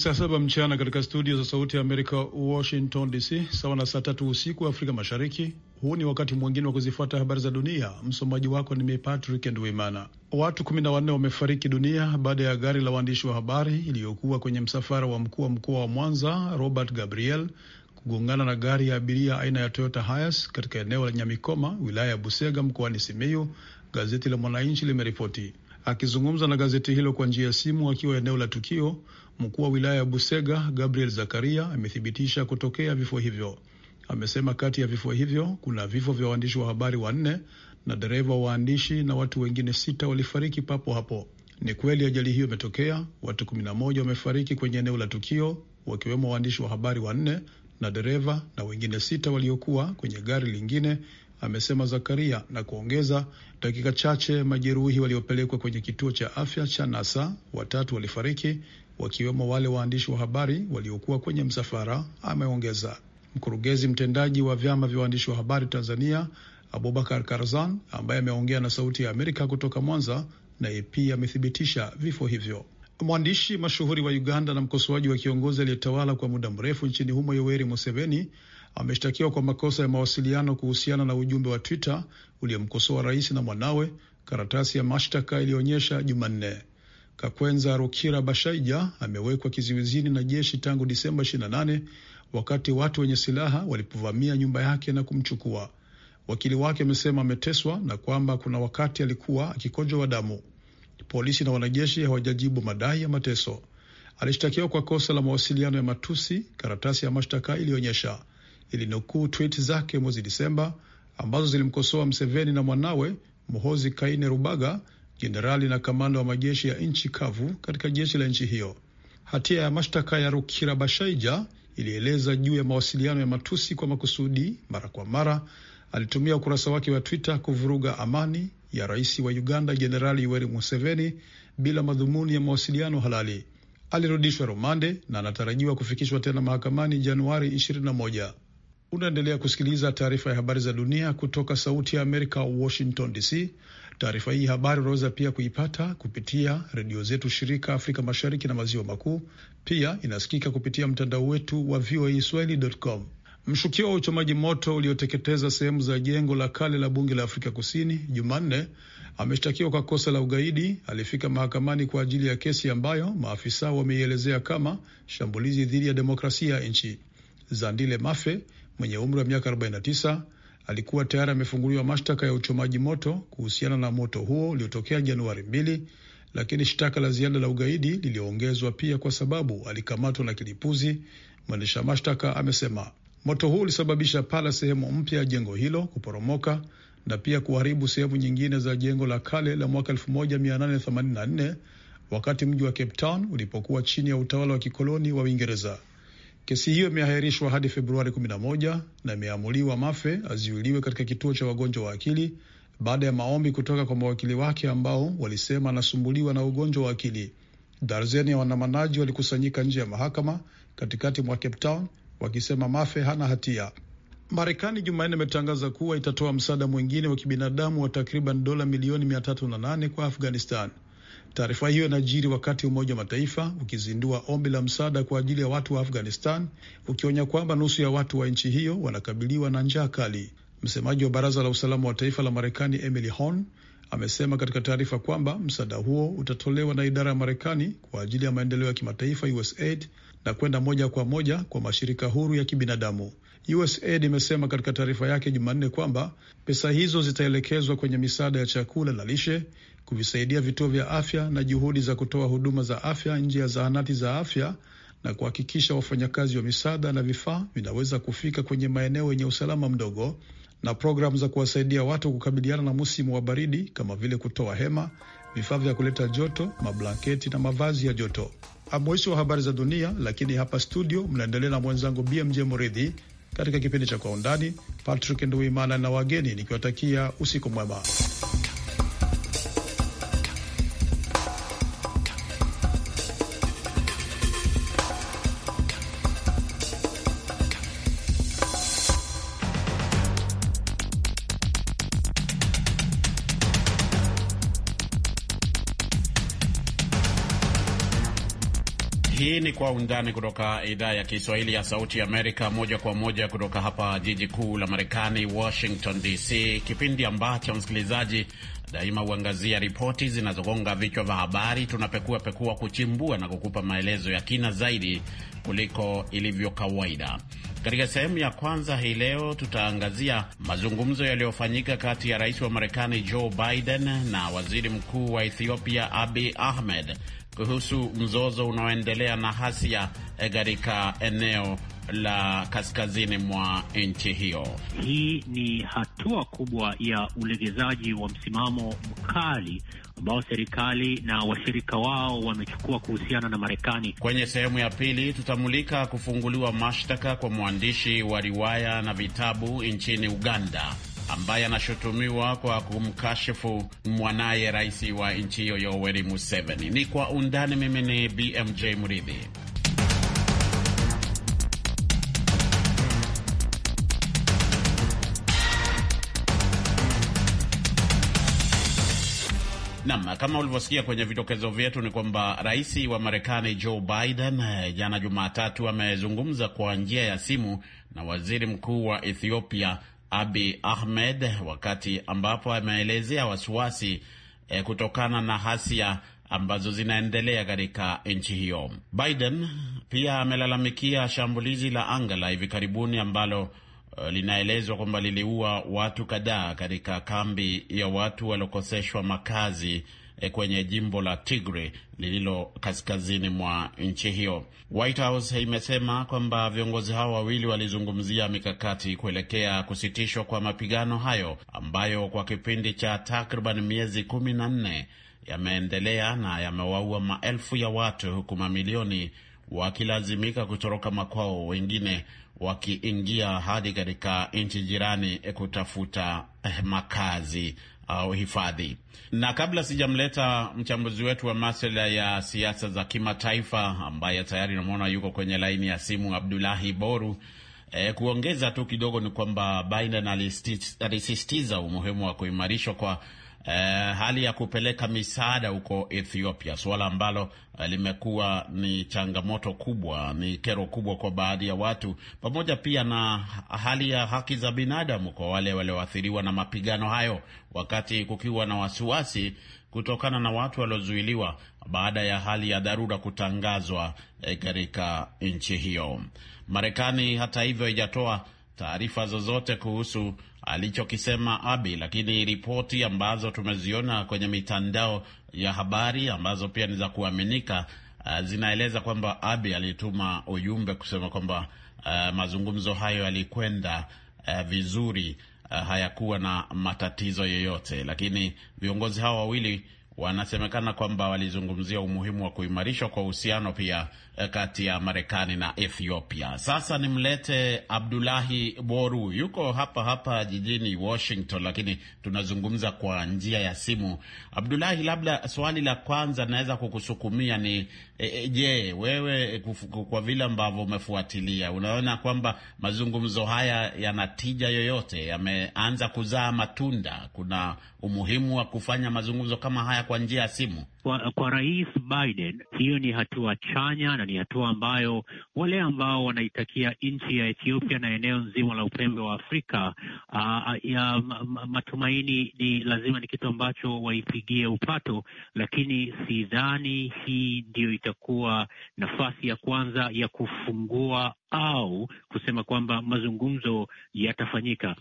saa saba mchana katika studio za Sauti ya Amerika, Washington DC, sawa na saa tatu usiku Afrika Mashariki. Huu ni wakati mwingine wa kuzifuata habari za dunia. Msomaji wako ni mimi Patrick Nduimana. Watu kumi na wanne wamefariki dunia baada ya gari la waandishi wa habari iliyokuwa kwenye msafara wa mkuu wa mkoa wa Mwanza Robert Gabriel kugongana na gari ya abiria aina ya Toyota Hiace katika eneo la Nyamikoma, wilaya ya Busega, mkoani Simiyu, gazeti la Mwananchi limeripoti. Akizungumza na gazeti hilo kwa njia ya simu akiwa eneo la tukio, Mkuu wa wilaya ya Busega Gabriel Zakaria amethibitisha kutokea vifo hivyo. Amesema kati ya vifo hivyo kuna vifo vya waandishi wa habari wanne na dereva wa waandishi na watu wengine sita walifariki papo hapo. Ni kweli ajali hiyo imetokea, watu 11 wamefariki kwenye eneo la tukio, wakiwemo waandishi wa habari wanne na dereva na wengine sita waliokuwa kwenye gari lingine amesema Zakaria na kuongeza, dakika chache majeruhi waliopelekwa kwenye kituo cha afya cha Nasa watatu walifariki wakiwemo wale waandishi wa habari waliokuwa kwenye msafara, ameongeza. Mkurugenzi mtendaji wa vyama vya waandishi wa habari Tanzania Abubakar Karzan ambaye ameongea na Sauti ya Amerika kutoka Mwanza naye pia amethibitisha vifo hivyo. Mwandishi mashuhuri wa Uganda na mkosoaji wa kiongozi aliyetawala kwa muda mrefu nchini humo Yoweri Museveni ameshtakiwa kwa makosa ya mawasiliano kuhusiana na ujumbe wa Twitter uliomkosoa rais na mwanawe, karatasi ya mashtaka iliyoonyesha Jumanne. Kakwenza Rukira Bashaija amewekwa kizuizini na jeshi tangu Disemba 28 wakati watu wenye silaha walipovamia nyumba yake na kumchukua. Wakili wake amesema ameteswa na kwamba kuna wakati alikuwa akikojwa damu. Polisi na wanajeshi hawajajibu madai ya mateso. Alishtakiwa kwa kosa la mawasiliano ya matusi, karatasi ya mashtaka iliyoonyesha ilinukuu tweet zake mwezi Disemba ambazo zilimkosoa Mseveni na mwanawe Muhozi Rubaga, jenerali na kamanda wa majeshi ya nchi kavu katika jeshi la nchi hiyo. Hatia ya mashtaka ya Rukirabashaija ilieleza juu ya mawasiliano ya matusi kwa makusudi, mara kwa mara alitumia ukurasa wake wa Twitter kuvuruga amani ya rais wa Uganda Jenerali Yoweri Museveni bila madhumuni ya mawasiliano halali. Alirudishwa rumande na anatarajiwa kufikishwa tena mahakamani Januari 21. Unaendelea kusikiliza taarifa ya habari za dunia kutoka Sauti ya Amerika, Washington DC. Taarifa hii habari unaweza pia kuipata kupitia redio zetu shirika Afrika Mashariki na Maziwa Makuu. Pia inasikika kupitia mtandao wetu wa VOA Mshukio wa uchomaji moto ulioteketeza sehemu za jengo la kale la bunge la Afrika Kusini Jumanne ameshtakiwa kwa kosa la ugaidi. Alifika mahakamani kwa ajili ya kesi ambayo maafisa wameielezea kama shambulizi dhidi ya demokrasia ya nchi. Zandile Mafe mwenye umri wa miaka 49 alikuwa tayari amefunguliwa mashtaka ya uchomaji moto kuhusiana na moto huo uliotokea Januari 2, lakini shtaka la ziada la ugaidi liliongezwa pia kwa sababu alikamatwa na kilipuzi. Mwendesha mashtaka amesema moto huu ulisababisha pala sehemu mpya ya jengo hilo kuporomoka na pia kuharibu sehemu nyingine za jengo la kale la mwaka 1884 wakati mji wa Cape Town ulipokuwa chini ya utawala wa kikoloni wa Uingereza. Kesi hiyo imeahirishwa hadi Februari 11 na imeamuliwa Mafe aziuliwe katika kituo cha wagonjwa wa akili baada ya maombi kutoka kwa mawakili wake ambao walisema anasumbuliwa na ugonjwa wa akili. Darzeni ya waandamanaji walikusanyika nje ya mahakama katikati mwa Cape Town wakisema Mafe hana hatia. Marekani Jumanne imetangaza kuwa itatoa msaada mwingine wa kibinadamu wa takriban dola milioni 308 kwa Afghanistan. Taarifa hiyo inajiri wakati Umoja wa Mataifa ukizindua ombi la msaada kwa ajili ya watu wa Afghanistan, ukionya kwamba nusu ya watu wa nchi hiyo wanakabiliwa na njaa kali. Msemaji wa Baraza la Usalama wa Taifa la Marekani Emily Horn amesema katika taarifa kwamba msaada huo utatolewa na idara ya Marekani kwa ajili ya maendeleo ya kimataifa USAID na kwenda moja kwa moja kwa mashirika huru ya kibinadamu. USAID imesema katika taarifa yake Jumanne kwamba pesa hizo zitaelekezwa kwenye misaada ya chakula na lishe, kuvisaidia vituo vya afya na juhudi za kutoa huduma za afya nje ya zahanati za afya na kuhakikisha wafanyakazi wa misaada na vifaa vinaweza kufika kwenye maeneo yenye usalama mdogo na programu za kuwasaidia watu kukabiliana na musimu wa baridi kama vile kutoa hema, vifaa vya kuleta joto, mablanketi na mavazi ya joto. Mwisho wa habari za dunia, lakini hapa studio mnaendelea na mwenzangu BMJ Muridhi katika kipindi cha Kwa Undani. Patrick Nduimana na wageni nikiwatakia usiku mwema. Kwa Undani kutoka idhaa ya Kiswahili ya Sauti ya Amerika, moja kwa moja kutoka hapa jiji kuu la Marekani, Washington DC, kipindi ambacho msikilizaji daima huangazia ripoti zinazogonga vichwa vya habari. Tunapekua pekua, kuchimbua na kukupa maelezo ya kina zaidi kuliko ilivyo kawaida. Katika sehemu ya kwanza hii leo, tutaangazia mazungumzo yaliyofanyika kati ya rais wa Marekani Joe Biden na waziri mkuu wa Ethiopia abi Ahmed kuhusu mzozo unaoendelea na hasia eh, katika eneo la kaskazini mwa nchi hiyo. Hii ni hatua kubwa ya ulegezaji wa msimamo mkali ambao serikali na washirika wao wamechukua kuhusiana na Marekani. Kwenye sehemu ya pili tutamulika kufunguliwa mashtaka kwa mwandishi wa riwaya na vitabu nchini Uganda ambaye anashutumiwa kwa kumkashifu mwanaye rais wa nchi hiyo Yoweri Museveni. Ni kwa undani. Mimi ni BMJ Mridhi. Nam, kama ulivyosikia kwenye vidokezo vyetu ni kwamba rais wa Marekani Joe Biden eh, jana Jumatatu amezungumza kwa njia ya simu na waziri mkuu wa Ethiopia Abi Ahmed wakati ambapo ameelezea wasiwasi eh, kutokana na hasia ambazo zinaendelea katika nchi hiyo. Biden pia amelalamikia shambulizi la anga la hivi karibuni ambalo uh, linaelezwa kwamba liliua watu kadhaa katika kambi ya watu waliokoseshwa makazi Eh, kwenye jimbo la Tigre lililo kaskazini mwa nchi hiyo. White House imesema kwamba viongozi hao wawili walizungumzia mikakati kuelekea kusitishwa kwa mapigano hayo ambayo kwa kipindi cha takriban miezi kumi na nne yameendelea na yamewaua maelfu ya watu huku mamilioni wakilazimika kutoroka makwao, wengine wakiingia hadi katika nchi jirani kutafuta eh, makazi uhifadhi Na kabla sijamleta mchambuzi wetu wa masuala ya siasa za kimataifa ambaye tayari namwona yuko kwenye laini ya simu, Abdulahi Boru, e, kuongeza tu kidogo ni kwamba Biden alisisitiza umuhimu wa kuimarishwa kwa eh, hali ya kupeleka misaada huko Ethiopia, suala ambalo eh, limekuwa ni changamoto kubwa, ni kero kubwa kwa baadhi ya watu, pamoja pia na hali ya haki za binadamu kwa wale walioathiriwa na mapigano hayo, wakati kukiwa na wasiwasi kutokana na watu waliozuiliwa baada ya hali ya dharura kutangazwa eh, katika nchi hiyo. Marekani hata hivyo haijatoa taarifa zozote kuhusu alichokisema Abi, lakini ripoti ambazo tumeziona kwenye mitandao ya habari ambazo pia ni za kuaminika uh, zinaeleza kwamba Abi alituma ujumbe kusema kwamba uh, mazungumzo hayo yalikwenda uh, vizuri, uh, hayakuwa na matatizo yoyote, lakini viongozi hao wawili wanasemekana kwamba walizungumzia umuhimu wa kuimarishwa kwa uhusiano pia eh, kati ya Marekani na Ethiopia. Sasa nimlete Abdulahi Boru, yuko hapa hapa jijini Washington, lakini tunazungumza kwa njia ya simu. Abdulahi, labda swali la kwanza naweza kukusukumia ni e, je, wewe kufu, kwa vile ambavyo umefuatilia, unaona kwamba mazungumzo haya yana tija yoyote? Yameanza kuzaa matunda? Kuna umuhimu wa kufanya mazungumzo kama haya kwa njia ya simu. Kwa, kwa Rais Biden hiyo ni hatua chanya na ni hatua ambayo wale ambao wanaitakia nchi ya Ethiopia na eneo nzima la upembe wa Afrika aa, ya matumaini ni lazima ni kitu ambacho waipigie upato, lakini sidhani hii ndiyo itakuwa nafasi ya kwanza ya kufungua au kusema kwamba mazungumzo yatafanyika.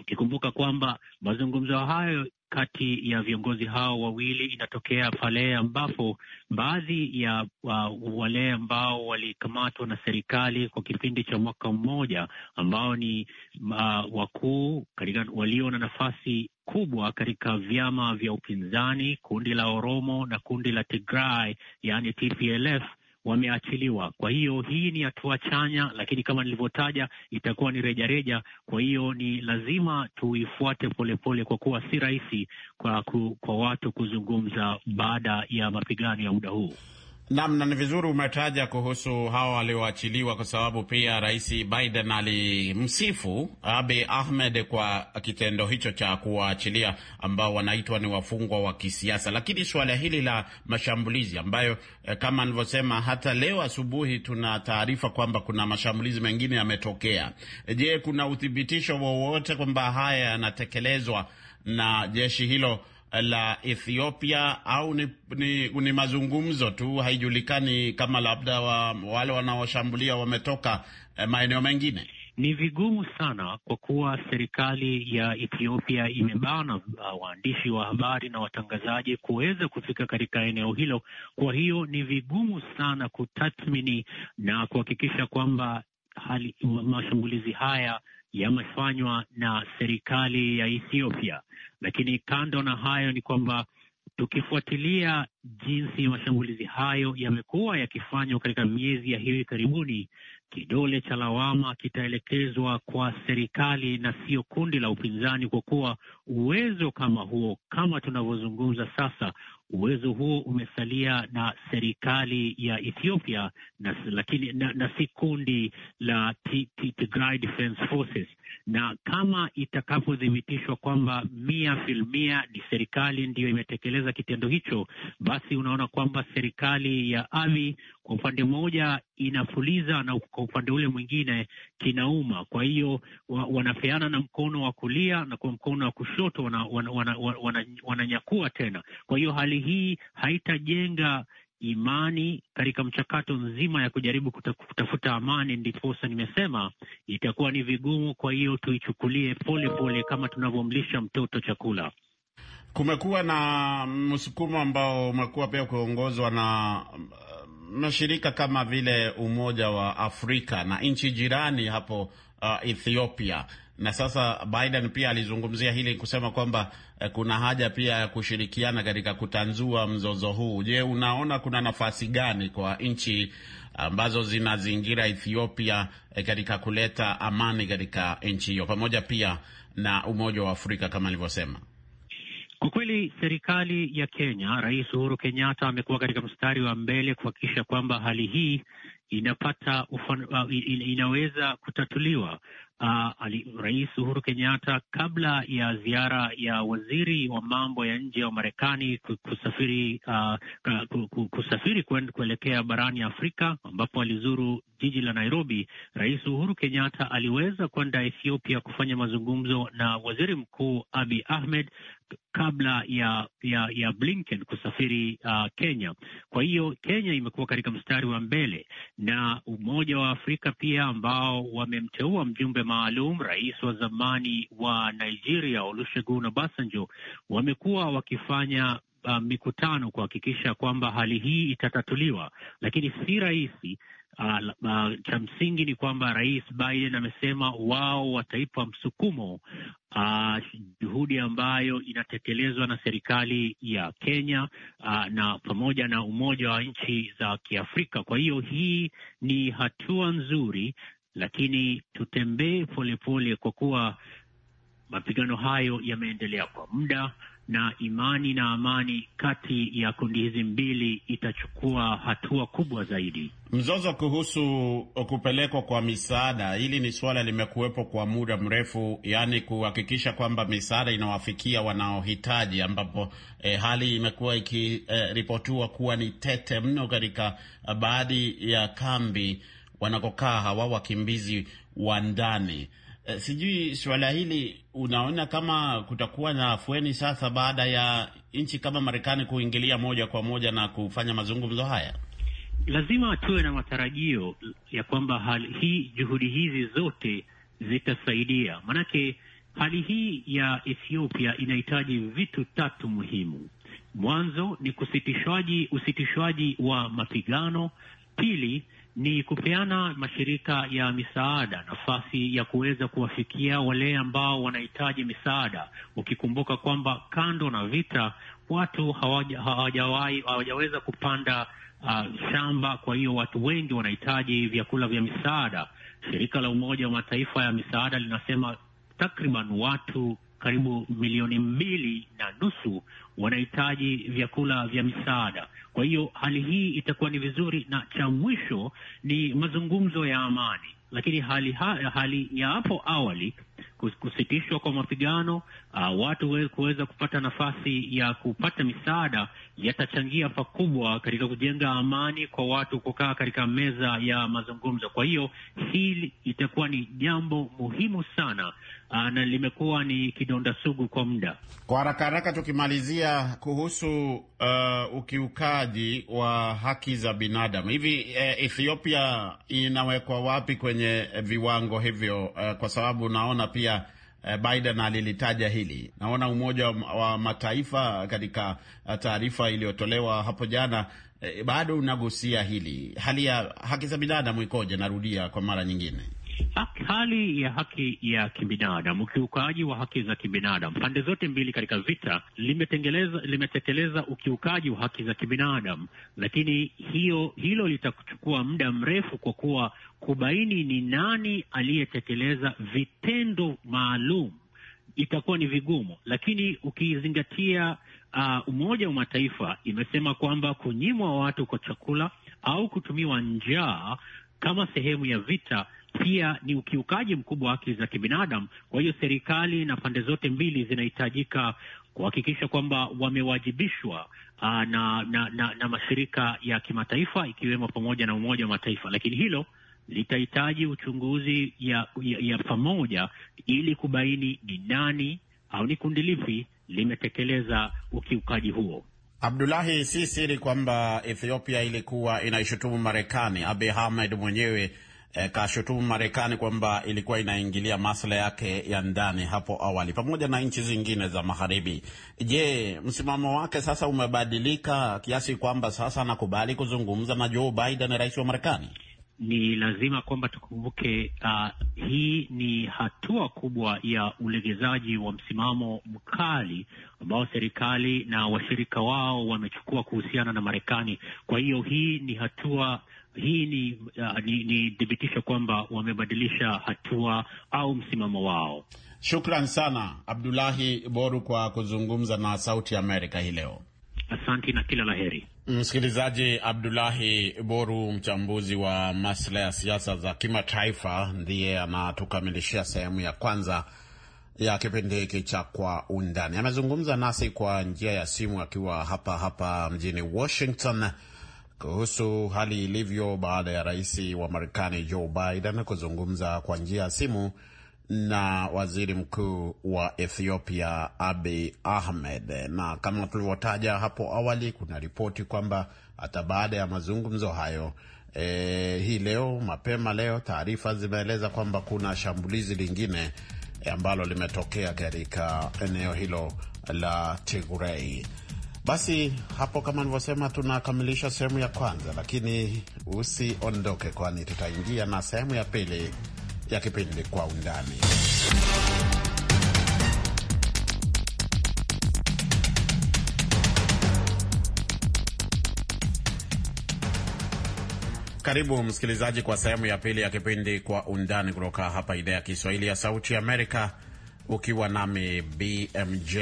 Ukikumbuka kwamba mazungumzo hayo kati ya viongozi hao wawili inatokea pale ambapo baadhi ya uh, wale ambao walikamatwa na serikali kwa kipindi cha mwaka mmoja ambao ni uh, wakuu katika walio na nafasi kubwa katika vyama vya upinzani, kundi la Oromo na kundi la Tigray, yani TPLF wameachiliwa. Kwa hiyo hii ni hatua chanya, lakini kama nilivyotaja itakuwa ni rejareja reja. Kwa hiyo ni lazima tuifuate polepole, kwa kuwa si rahisi kwa, kwa watu kuzungumza baada ya mapigano ya muda huu namna na ni vizuri umetaja kuhusu hawa walioachiliwa, kwa sababu pia Rais Biden alimsifu abi Ahmed kwa kitendo hicho cha kuwaachilia ambao wanaitwa ni wafungwa wa kisiasa. Lakini suala hili la mashambulizi ambayo, eh, kama nilivyosema, hata leo asubuhi tuna taarifa kwamba kuna mashambulizi mengine yametokea. Je, kuna uthibitisho wowote kwamba haya yanatekelezwa na jeshi hilo la Ethiopia au ni, ni, ni mazungumzo tu? Haijulikani kama labda wa, wale wanaoshambulia wametoka eh, maeneo mengine. Ni vigumu sana kwa kuwa serikali ya Ethiopia imebana uh, waandishi wa habari na watangazaji kuweza kufika katika eneo hilo. Kwa hiyo ni vigumu sana kutathmini na kuhakikisha kwamba hali mashambulizi haya yamefanywa na serikali ya Ethiopia. Lakini kando na hayo ni kwamba tukifuatilia jinsi mashambulizi hayo yamekuwa yakifanywa katika miezi ya hivi karibuni, kidole cha lawama kitaelekezwa kwa serikali na sio kundi la upinzani, kwa kuwa uwezo kama huo, kama tunavyozungumza sasa, uwezo huo umesalia na serikali ya Ethiopia na, lakini na, na si kundi la Tigray Defense Forces, na kama itakapothibitishwa kwamba mia filmia ni serikali ndiyo imetekeleza kitendo hicho, basi unaona kwamba serikali ya Ami kwa upande mmoja inafuliza na kwa upande ule mwingine kinauma. Kwa hiyo wa, wanapeana na mkono wa kulia na kwa mkono wa kushoto wananyakua wana, wana, wana, wana tena. Kwa hiyo hali hii haitajenga imani katika mchakato mzima ya kujaribu kutafuta amani, ndiposa nimesema itakuwa ni vigumu. Kwa hiyo tuichukulie polepole kama tunavyomlisha mtoto chakula. Kumekuwa na msukumo ambao umekuwa pia kuongozwa na uh, mashirika kama vile Umoja wa Afrika na nchi jirani hapo uh, Ethiopia na sasa Biden pia alizungumzia hili kusema kwamba eh, kuna haja pia ya kushirikiana katika kutanzua mzozo huu. Je, unaona kuna nafasi gani kwa nchi ambazo zinazingira Ethiopia eh, katika kuleta amani katika nchi hiyo pamoja pia na Umoja wa Afrika kama alivyosema? Kwa kweli serikali ya Kenya, Rais Uhuru Kenyatta amekuwa katika mstari wa mbele kuhakikisha kwamba hali hii inapata ufan, uh, inaweza kutatuliwa uh, ali, Rais Uhuru Kenyatta kabla ya ziara ya waziri wa mambo ya nje wa Marekani kusafiri uh, kusafiri kuelekea barani Afrika ambapo alizuru jiji la Nairobi, Rais Uhuru Kenyatta aliweza kwenda Ethiopia kufanya mazungumzo na Waziri Mkuu Abi Ahmed kabla ya ya, ya Blinken kusafiri uh, Kenya. Kwa hiyo Kenya imekuwa katika mstari wa mbele na Umoja wa Afrika pia ambao wamemteua mjumbe maalum rais wa zamani wa Nigeria Olusegun Obasanjo, wamekuwa wakifanya Uh, mikutano kuhakikisha kwamba hali hii itatatuliwa, lakini si rahisi, Uh, cha msingi ni kwamba Rais Biden amesema wao wataipa msukumo Uh, juhudi ambayo inatekelezwa na serikali ya Kenya uh, na pamoja na Umoja wa Nchi za Kiafrika. Kwa hiyo hii ni hatua nzuri, lakini tutembee polepole, kwa kuwa mapigano hayo yameendelea kwa muda na imani na amani kati ya kundi hizi mbili itachukua hatua kubwa zaidi. Mzozo kuhusu kupelekwa kwa misaada, hili ni suala limekuwepo kwa muda mrefu, yaani kuhakikisha kwamba misaada inawafikia wanaohitaji, ambapo eh, hali imekuwa ikiripotiwa eh, kuwa ni tete mno katika eh, baadhi ya kambi wanakokaa hawa wakimbizi wa ndani. Eh, sijui suala hili unaona kama kutakuwa na afueni sasa baada ya nchi kama Marekani kuingilia moja kwa moja na kufanya mazungumzo haya? Lazima tuwe na matarajio ya kwamba hali hii, juhudi hizi zote zitasaidia, manake hali hii ya Ethiopia inahitaji vitu tatu muhimu. Mwanzo ni kusitishwaji usitishwaji wa mapigano, pili ni kupeana mashirika ya misaada nafasi ya kuweza kuwafikia wale ambao wanahitaji misaada, ukikumbuka kwamba kando na vita watu hawajawahi hawajaweza kupanda uh, shamba. Kwa hiyo watu wengi wanahitaji vyakula vya misaada. Shirika la Umoja wa Mataifa ya misaada linasema takriban watu karibu milioni mbili na nusu wanahitaji vyakula vya misaada. Kwa hiyo hali hii itakuwa ni vizuri, na cha mwisho ni mazungumzo ya amani, lakini hali, ha, hali ya hapo awali kusitishwa kwa mapigano uh, watu kuweza kupata nafasi ya kupata misaada yatachangia pakubwa katika kujenga amani kwa watu kukaa katika meza ya mazungumzo. Kwa hiyo hili itakuwa ni jambo muhimu sana Ah, na limekuwa ni kidonda sugu kwa muda. Kwa haraka haraka, tukimalizia kuhusu uh, ukiukaji wa haki za binadamu hivi, eh, Ethiopia inawekwa wapi kwenye viwango hivyo? Uh, kwa sababu naona pia uh, Biden alilitaja hili. Naona Umoja wa Mataifa katika uh, taarifa iliyotolewa hapo jana bado unagusia hili. Hali ya haki za binadamu ikoje? Narudia kwa mara nyingine hali ya haki ya kibinadamu, ukiukaji wa haki za kibinadamu pande zote mbili katika vita limetekeleza ukiukaji wa haki za kibinadamu, lakini hiyo hilo litachukua muda mrefu kwa kuwa kubaini ni nani aliyetekeleza vitendo maalum itakuwa ni vigumu, lakini ukizingatia uh, Umoja wa Mataifa imesema kwamba kunyimwa watu kwa chakula au kutumiwa njaa kama sehemu ya vita pia ni ukiukaji mkubwa wa haki za kibinadamu. Kwa hiyo serikali na pande zote mbili zinahitajika kuhakikisha kwamba wamewajibishwa na, na, na, na mashirika ya kimataifa ikiwemo pamoja na Umoja wa Mataifa, lakini hilo litahitaji uchunguzi ya, ya, ya pamoja ili kubaini ni nani au ni kundi lipi limetekeleza ukiukaji huo. Abdulahi, si siri kwamba Ethiopia ilikuwa inaishutumu Marekani. Abiy Ahmed mwenyewe e, eh, kashutumu Marekani kwamba ilikuwa inaingilia maslahi yake ya ndani hapo awali pamoja na nchi zingine za magharibi. Je, msimamo wake sasa umebadilika kiasi kwamba sasa anakubali kuzungumza na Joe Biden, rais wa Marekani? Ni lazima kwamba tukumbuke, uh, hii ni hatua kubwa ya ulegezaji wa msimamo mkali ambao serikali na washirika wao wamechukua kuhusiana na Marekani. Kwa hiyo hii ni hatua hii ni uh, ni, ni thibitisho kwamba wamebadilisha hatua au msimamo wao. Shukran sana Abdulahi Boru kwa kuzungumza na Sauti Amerika hii leo. Asante na kila laheri, msikilizaji. Abdulahi Boru, mchambuzi wa masuala ya siasa za kimataifa, ndiye anatukamilishia sehemu ya kwanza ya kipindi hiki cha Kwa Undani. Amezungumza nasi kwa njia ya simu akiwa hapa hapa mjini Washington kuhusu hali ilivyo baada ya rais wa Marekani Joe Biden kuzungumza kwa njia ya simu na waziri mkuu wa Ethiopia Abiy Ahmed. Na kama tulivyotaja hapo awali, kuna ripoti kwamba hata baada ya mazungumzo hayo e, hii leo mapema leo taarifa zimeeleza kwamba kuna shambulizi lingine e, ambalo limetokea katika eneo hilo la Tigray. Basi hapo kama nilivyosema, tunakamilisha sehemu ya kwanza, lakini usiondoke, kwani tutaingia na sehemu ya pili ya kipindi Kwa Undani. Karibu msikilizaji kwa sehemu ya pili ya kipindi Kwa Undani kutoka hapa idhaa ya Kiswahili ya Sauti Amerika, ukiwa nami BMJ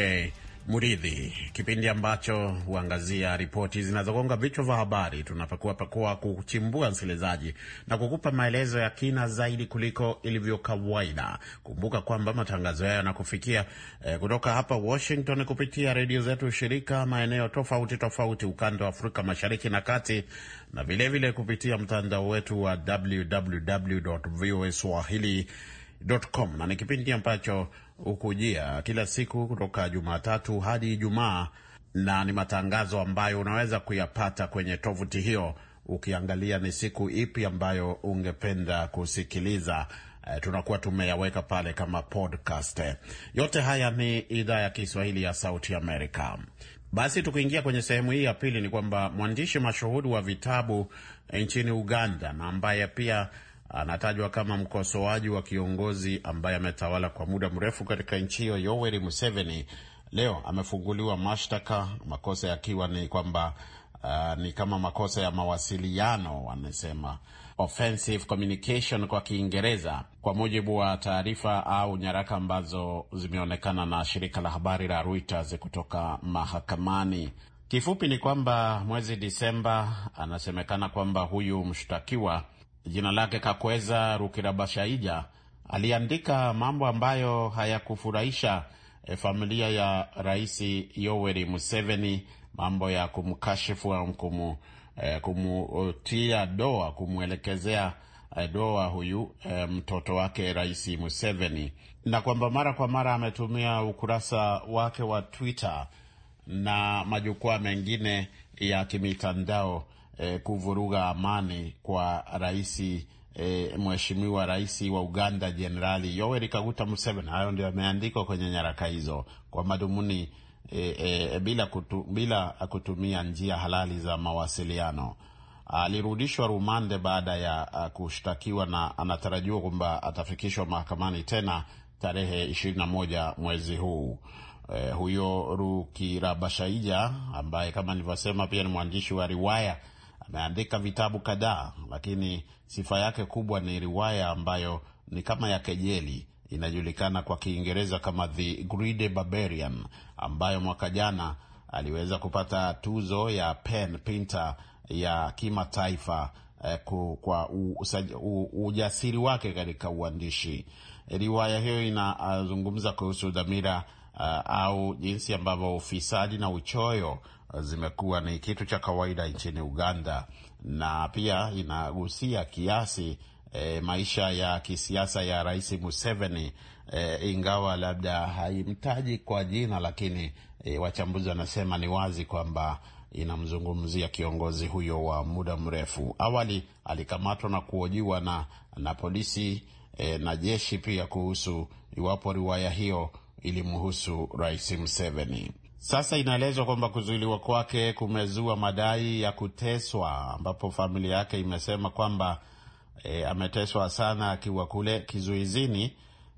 Muridhi, kipindi ambacho huangazia ripoti zinazogonga vichwa vya habari. Tunapakua pakua kuchimbua, msikilizaji, na kukupa maelezo ya kina zaidi kuliko ilivyo kawaida. Kumbuka kwamba matangazo hayo yanakufikia eh, kutoka hapa Washington kupitia redio zetu shirika maeneo tofauti tofauti ukanda wa Afrika Mashariki na Kati, na vilevile vile kupitia mtandao wetu wa www swahili com, na ni kipindi ambacho hukujia kila siku kutoka Jumatatu hadi Ijumaa, na ni matangazo ambayo unaweza kuyapata kwenye tovuti hiyo ukiangalia ni siku ipi ambayo ungependa kusikiliza. E, tunakuwa tumeyaweka pale kama podcast. Yote haya ni idhaa ya Kiswahili ya Sauti Amerika. Basi tukiingia kwenye sehemu hii ya pili, ni kwamba mwandishi mashuhuri wa vitabu nchini Uganda na ambaye pia anatajwa kama mkosoaji wa kiongozi ambaye ametawala kwa muda mrefu katika nchi hiyo Yoweri Museveni, leo amefunguliwa mashtaka, makosa yakiwa ni kwamba uh, ni kama makosa ya mawasiliano, wanasema offensive communication kwa Kiingereza, kwa mujibu wa taarifa au nyaraka ambazo zimeonekana na shirika la habari la Reuters kutoka mahakamani. Kifupi ni kwamba mwezi Disemba, anasemekana kwamba huyu mshtakiwa jina lake Kakweza Rukirabashaija aliandika mambo ambayo hayakufurahisha e, familia ya Rais Yoweri Museveni, mambo ya kumkashifu au kumu, e, kumutia doa, kumwelekezea e, doa huyu e, mtoto wake Rais Museveni, na kwamba mara kwa mara ametumia ukurasa wake wa Twitter na majukwaa mengine ya kimitandao eh, kuvuruga amani kwa rais eh, mheshimiwa rais wa Uganda Jenerali Yoweri Kaguta Museveni. Hayo ndio yameandikwa kwenye nyaraka hizo kwa madhumuni eh, eh, bila, kutu, bila kutumia njia halali za mawasiliano. Alirudishwa rumande baada ya eh, kushtakiwa na anatarajiwa kwamba atafikishwa mahakamani tena tarehe 21 mwezi huu. E, huyo Rukirabashaija ambaye kama nilivyosema pia ni mwandishi wa riwaya Ameandika vitabu kadhaa, lakini sifa yake kubwa ni riwaya ambayo ni kama ya kejeli inajulikana kwa Kiingereza kama The Greedy Barbarian ambayo mwaka jana aliweza kupata tuzo ya Pen Pinter ya kimataifa eh, kwa ujasiri wake katika uandishi. Riwaya hiyo inazungumza kuhusu dhamira uh, au jinsi ambavyo ufisadi na uchoyo zimekuwa ni kitu cha kawaida nchini Uganda na pia inagusia kiasi e, maisha ya kisiasa ya Rais Museveni e, ingawa labda haimtaji kwa jina, lakini e, wachambuzi wanasema ni wazi kwamba inamzungumzia kiongozi huyo wa muda mrefu. Awali alikamatwa na kuhojiwa na, na polisi e, na jeshi pia kuhusu iwapo riwaya hiyo ilimhusu Rais Museveni. Sasa inaelezwa kwamba kuzuiliwa kwake kumezua madai ya kuteswa, ambapo familia yake imesema kwamba e, ameteswa sana akiwa kule kizuizini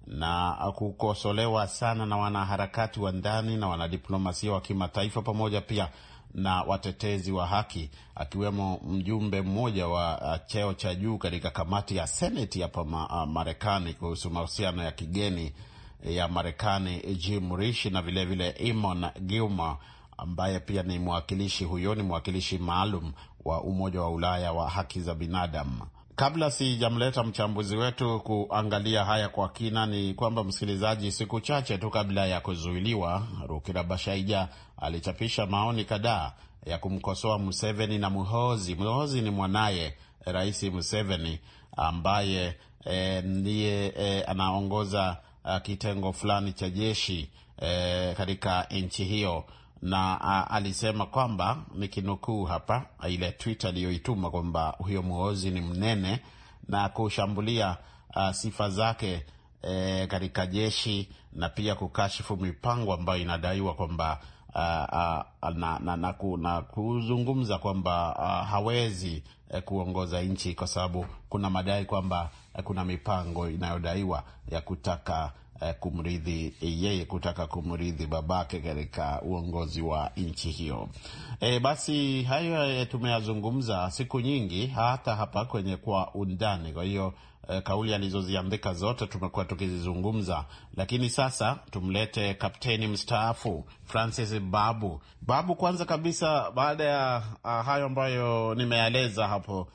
na kukosolewa sana na wanaharakati wa ndani na wanadiplomasia wa kimataifa pamoja pia na watetezi wa haki akiwemo mjumbe mmoja wa cheo cha juu katika kamati ya seneti hapa Marekani kuhusu mahusiano ya kigeni Eh, ya Marekani eh, Jim Risch na vilevile vile Imon Gilmore ambaye pia ni mwakilishi huyo ni mwakilishi maalum wa Umoja wa Ulaya wa haki za binadamu. Kabla sijamleta mchambuzi wetu kuangalia haya kwa kina, ni kwamba msikilizaji, siku chache tu kabla ya kuzuiliwa, Rukira Bashaija alichapisha maoni kadhaa ya kumkosoa Museveni na Muhozi. Muhozi ni mwanaye eh, Rais Museveni ambaye e, ndiye e, anaongoza uh, kitengo fulani cha jeshi eh, katika nchi hiyo na uh, alisema kwamba nikinukuu hapa ah, ile twitt aliyoituma kwamba huyo mwozi ni mnene na kushambulia uh, sifa zake eh, katika jeshi na pia kukashifu mipango ambayo inadaiwa kwamba na, na, na, na kuzungumza kwamba hawezi e, kuongoza nchi kwa sababu kuna madai kwamba e, kuna mipango inayodaiwa ya kutaka eh, kumrithi yeye kutaka kumrithi babake katika uongozi wa nchi hiyo. Eh, basi hayo eh, tumeyazungumza siku nyingi hata hapa kwenye kwa undani. Kwa hiyo eh, kauli alizoziandika zote tumekuwa tukizizungumza, lakini sasa tumlete kapteni mstaafu Francis Babu. Babu, kwanza kabisa, baada ya ah, hayo ambayo nimeeleza hapo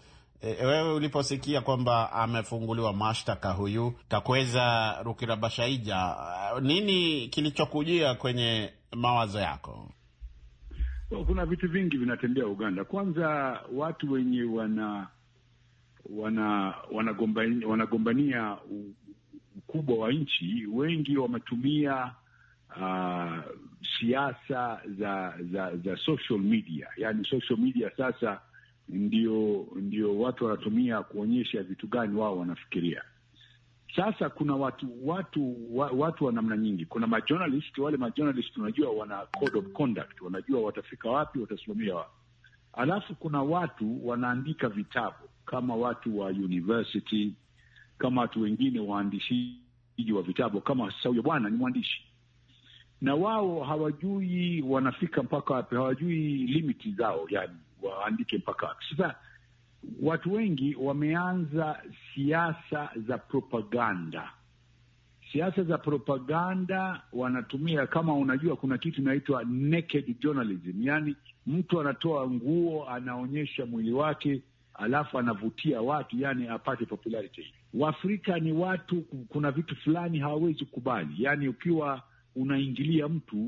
Eh, wewe uliposikia kwamba amefunguliwa mashtaka huyu Kakweza Rukirabashaija, eh, nini kilichokujia kwenye mawazo yako? Kuna vitu vingi vinatembea Uganda. Kwanza watu wenye wana wana wanagombania, wanagombania ukubwa wa nchi wengi wametumia uh, siasa za, za za social media, yani social media sasa ndio, ndio watu wanatumia kuonyesha vitu gani wao wanafikiria. Sasa kuna watu watu wa, watu wa namna nyingi. Kuna majournalist, wale majournalist unajua wana code of conduct, wanajua watafika wapi, watasimamia wapi. Alafu kuna watu wanaandika vitabu kama watu wa university, kama watu wengine waandishiji wa vitabu, kama sasa huyo bwana ni mwandishi, na wao hawajui wanafika mpaka wapi, hawajui limiti zao yani waandike mpaka. Sasa watu wengi wameanza siasa za propaganda, siasa za propaganda wanatumia. Kama unajua, kuna kitu inaitwa naked journalism, yaani, mtu anatoa nguo, anaonyesha mwili wake alafu anavutia watu, yani apate popularity. Waafrika ni watu, kuna vitu fulani hawawezi kukubali, yani ukiwa unaingilia mtu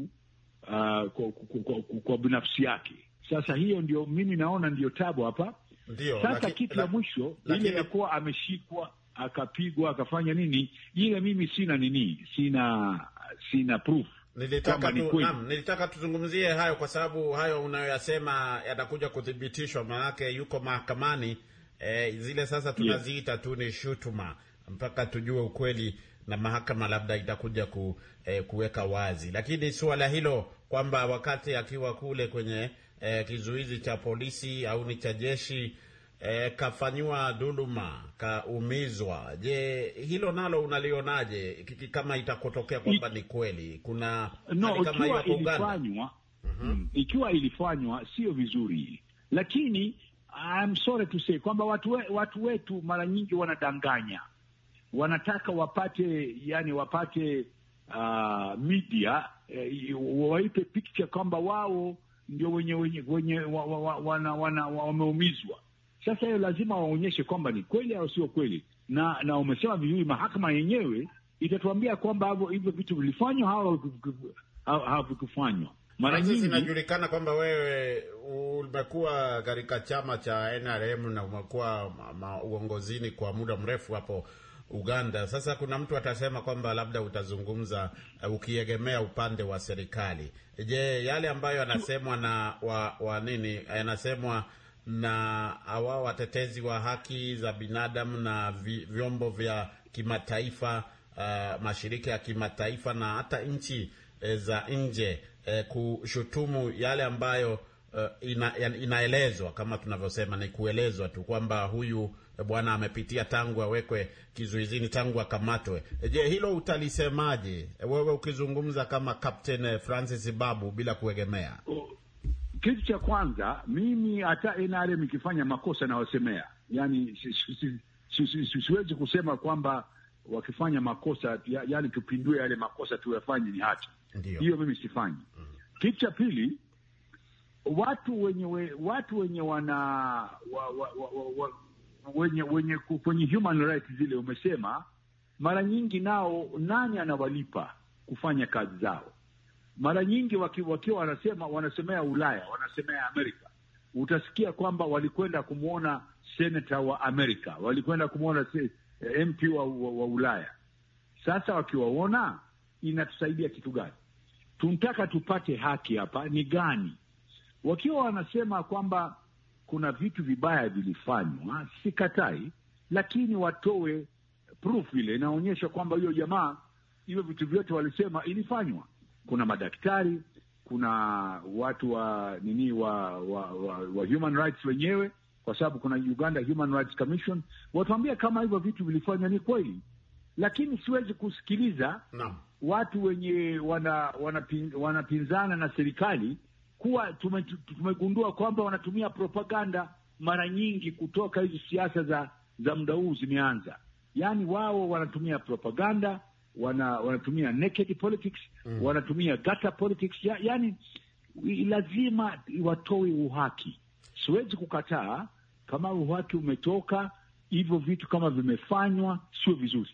uh, kwa, kwa, kwa, kwa binafsi yake sasa hiyo ndio mimi naona ndio tabu hapa. Ndiyo, sasa laki, kitu ya mwisho ile ya kuwa ameshikwa akapigwa akafanya nini, ile mimi sina nini, sina sina proof. Nilitaka tu, naam, nilitaka tuzungumzie hayo kwa sababu hayo unayoyasema yatakuja kuthibitishwa, maanake yuko mahakamani. E, zile sasa tunaziita yeah, tu ni shutuma mpaka tujue ukweli na mahakama labda itakuja ku, e, kuweka wazi, lakini suala hilo kwamba wakati akiwa kule kwenye e, kizuizi cha polisi au ni cha jeshi e, eh, kafanyiwa dhuluma, kaumizwa. Je, hilo nalo unalionaje kama itakotokea kwamba ni kweli kuna no, kama hiyo ilifanywa mhm. Mm -hmm. Ikiwa ilifanywa sio vizuri, lakini I'm sorry to say kwamba watu, we, watu wetu mara nyingi wanadanganya, wanataka wapate yani wapate uh, media eh, waipe picture kwamba wao ndio wenye wenye wenye wana wana wameumizwa. Sasa hiyo lazima waonyeshe kwamba ni kweli au sio kweli, na na umesema vizuri, mahakama yenyewe itatuambia kwamba hivyo vitu vilifanywa au havikufanywa. Mara nyingi zinajulikana kwamba wewe umekuwa katika chama cha NRM na umekuwa uongozini kwa muda mrefu hapo Uganda. Sasa kuna mtu atasema kwamba labda utazungumza uh, ukiegemea upande wa serikali. Je, yale ambayo yanasemwa na wa, wa nini yanasemwa na hawa watetezi wa haki za binadamu na vi, vyombo vya kimataifa uh, mashirika ya kimataifa na hata nchi e, za nje e, kushutumu yale ambayo uh, ina, inaelezwa kama tunavyosema ni kuelezwa tu kwamba huyu bwana amepitia tangu awekwe kizuizini, tangu akamatwe. Je, hilo utalisemaje wewe ukizungumza kama Captain Francis Babu bila kuegemea? Kitu cha kwanza, mimi hata NRM ikifanya makosa nawasemea, yani siwezi kusema kwamba wakifanya makosa ya, yani tupindue yale makosa tuyafanye ni haki hiyo, mimi sifanyi. mm. Kitu cha pili, watu wenye watu wenye wana wa, wa, wa, wa, wenye wenye kwenye human rights zile umesema, mara nyingi nao nani anawalipa kufanya kazi zao? Mara nyingi wakiwa waki wanasema wanasemea Ulaya, wanasemea Amerika, utasikia kwamba walikwenda kumwona senata wa Amerika, walikwenda kumwona eh, MP wa, wa, wa Ulaya. Sasa wakiwaona inatusaidia kitu gani? Tunataka tupate haki hapa ni gani? Wakiwa wanasema kwamba kuna vitu vibaya vilifanywa, sikatai, lakini watoe proof ile inaonyesha kwamba hiyo jamaa hivyo vitu vyote walisema ilifanywa. Kuna madaktari, kuna watu wa nini wa wa, wa, wa human rights wenyewe, kwa sababu kuna Uganda Human Rights Commission, watuambia kama hivyo vitu vilifanywa ni kweli, lakini siwezi kusikiliza no. watu wenye wanapinzana wana, wana na serikali kuwa tumegundua kwamba wanatumia propaganda mara nyingi kutoka hizi siasa za za muda huu zimeanza, yaani wao wanatumia propaganda, wana, wanatumia naked politics mm. wanatumia gutter politics ya, yaani lazima watoe uhaki. Siwezi kukataa kama uhaki umetoka, hivyo vitu kama vimefanywa sio vizuri,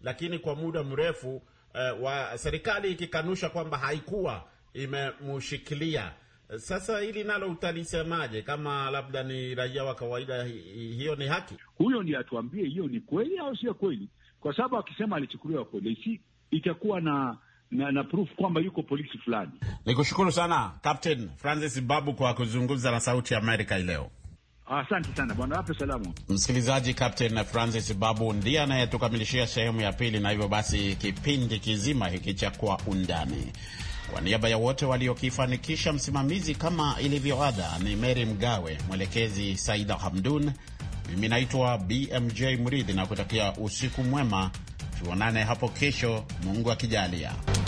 lakini kwa muda mrefu uh, wa serikali ikikanusha kwamba haikuwa imemushikilia. Sasa hili nalo utalisemaje, kama labda ni raia wa kawaida? Hiyo ni haki? Huyo ndiye atuambie hiyo ni kweli au sio kweli, kwa sababu akisema alichukuliwa polisi itakuwa na na, na proof kwamba yuko polisi fulani. Ni kushukuru sana Captain Francis Babu kwa kuzungumza na Sauti ya Amerika leo. Asante sana bwana, wape salamu msikilizaji. Captain Francis Babu ndiye anayetukamilishia sehemu ya pili, na hivyo basi kipindi kizima hiki cha Kwa Undani. Kwa niaba ya wote waliokifanikisha, msimamizi kama ilivyoada ni Mary Mgawe, mwelekezi Saida Hamdun. Mimi naitwa BMJ Mridhi na kutakia usiku mwema, tuonane hapo kesho, Mungu akijalia.